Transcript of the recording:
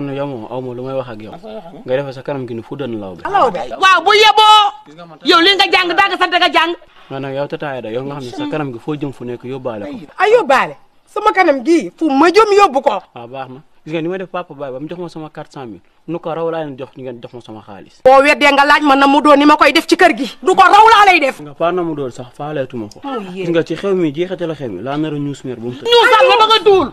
man yow moom ma lu may wax ak yow nga defal sa kanam gi nu fu dën law bi waaw nga jàng daa nga sant nga jàng man nag yow tataaya da yow nga gi foo jëm fu nekk yóbbaale ko ay yóbbaale sama kanam gi fu ma jëm yóbbu ko ah, baax na gis nga ni ma def papa ba mu jox sama quatre cent nu ko raw laa leen jox ngeen jox ma sama xaalis boo weddee nga laaj ma na mu doon ni ma koy def ci kër gi du ko raw laa lay def nga faa na doon sax faaleetuma ko oh, gis nga ci xew mi jeexate la xew mi laa nar a ñuus meer mu tëj